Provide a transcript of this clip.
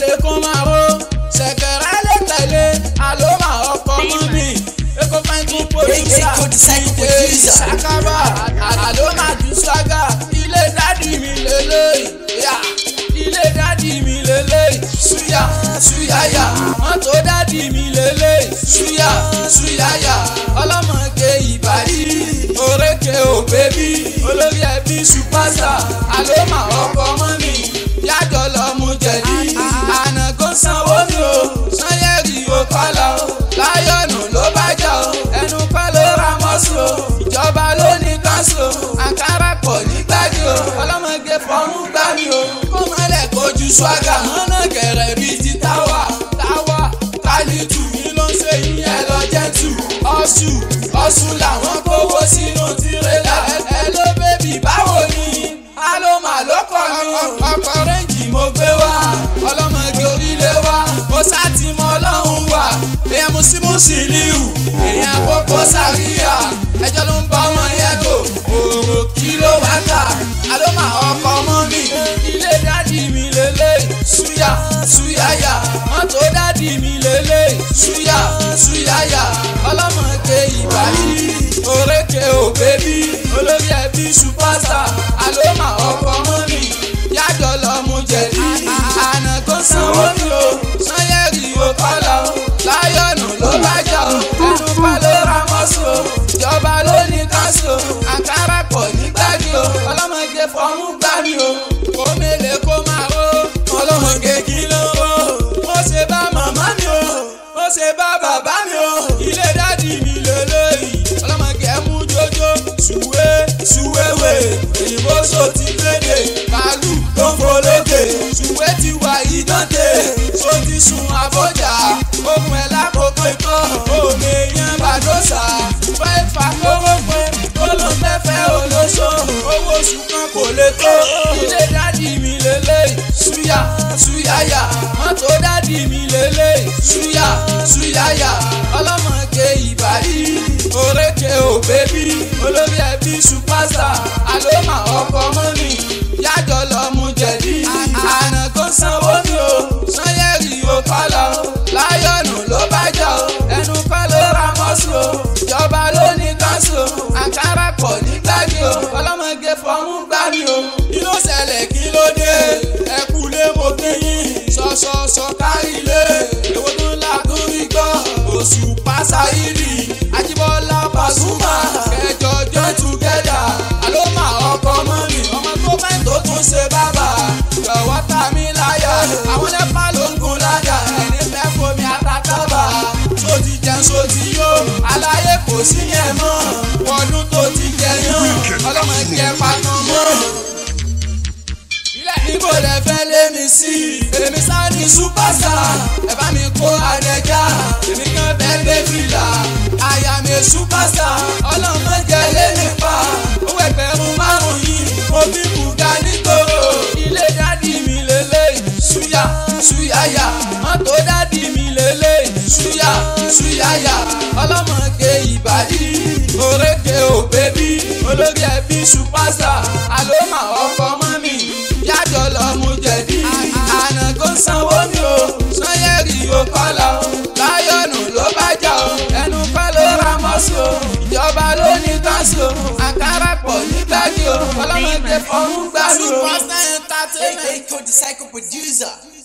lè kó máa ó ṣẹ̀kẹ̀rẹ̀ lè tẹ̀lé àló máa ọkọ mọ́ mi èkó fẹ́ tún pòlùsà èyí ṣàkàbà àló máa ju ṣága ilé dádì mi lélẹ́yìí ilé dádì mi lélẹ́yìí suya ṣúyàyà mọ́tò dádì mi lélẹ́yìí ṣúyà ṣúyàyà ọlọ́mọge ìbàdí òrékè òbẹ́bí olórí ẹbí ṣùpàṣà àló máa ju swaga hànà kẹrẹ bíi ti táwa táwa kálítù yìí ló ń ṣe yín ẹ lọ jẹ́tù ọ̀ṣù ọ̀ṣù làwọn kówó sínú tirẹ̀là ẹ ló bẹ́bí báwo ni alo màlọ́kọ̀ mi ọkọ̀ rẹ́ǹjì mo gbé wá ọlọ́mọge orílẹ̀ wá mo sá ti mọ ọlọ́run wá èèyàn mùsímùsí liu èèyàn kókó sáré ẹ. Suya súyàyà mọ́tò dádì mi lélẹ̀ suya súyàyà ọlọ́mọge ìbàdí òrékè òbébí olórí ẹbí supasa àlọ́mà ọkọ̀ mọ́mì yájọ́ lọ́mú jẹ̀dí àná tó sanwó ní. ti dọ́tẹ̀ ó ti sun àbọ̀jà ohun ẹ̀ lákòókò ikọ́ òmè yan bàdósà fẹ́ ìfàkówó pé ó ló fẹ́ fẹ́ owó oṣù kan kò lè tó ilé dádì mi lélẹ̀ suya suyaya mọ́tò dádì mi lélẹ̀ suya suyaya ọlọ́mọge ìbàdí òrékè òbẹ́bí. sọ̀sọ̀ káyílé èwo tó ńlá tó rí gbọ́ Òṣùpá Sáírì Ajíbọ́lá Pasuma kẹjọ join together àlọ́mà ọkọ mọ́nì ọmọ tó fẹ́ tó tún ṣe bàbà jọ̀wọ́ ta mí láyà àwọn nẹ́pà ló ń gun lájà ẹni fẹ́ fomi àtàkàbà sóti jẹun sóti yó aláyé kò sí yẹn mọ́ wọnú tó ti. mi sí èmi sá ni superstar ẹ bá mi kó adẹja èmi kan bẹ́ẹ̀ dé fìlà àyà mi superstar ọlọ́mọ jẹ lé nípa owó ẹgbẹ̀rún márùn-ún yìí mo fi bùgá nígboro ilé dádì mi lélẹ̀ ṣúyà ṣúyàyà mọ́tò dádì mi lélẹ̀ ṣúyà ṣúyàyà ọlọ́mọ gé ìbàdí òrékè òbí. the psycho producer.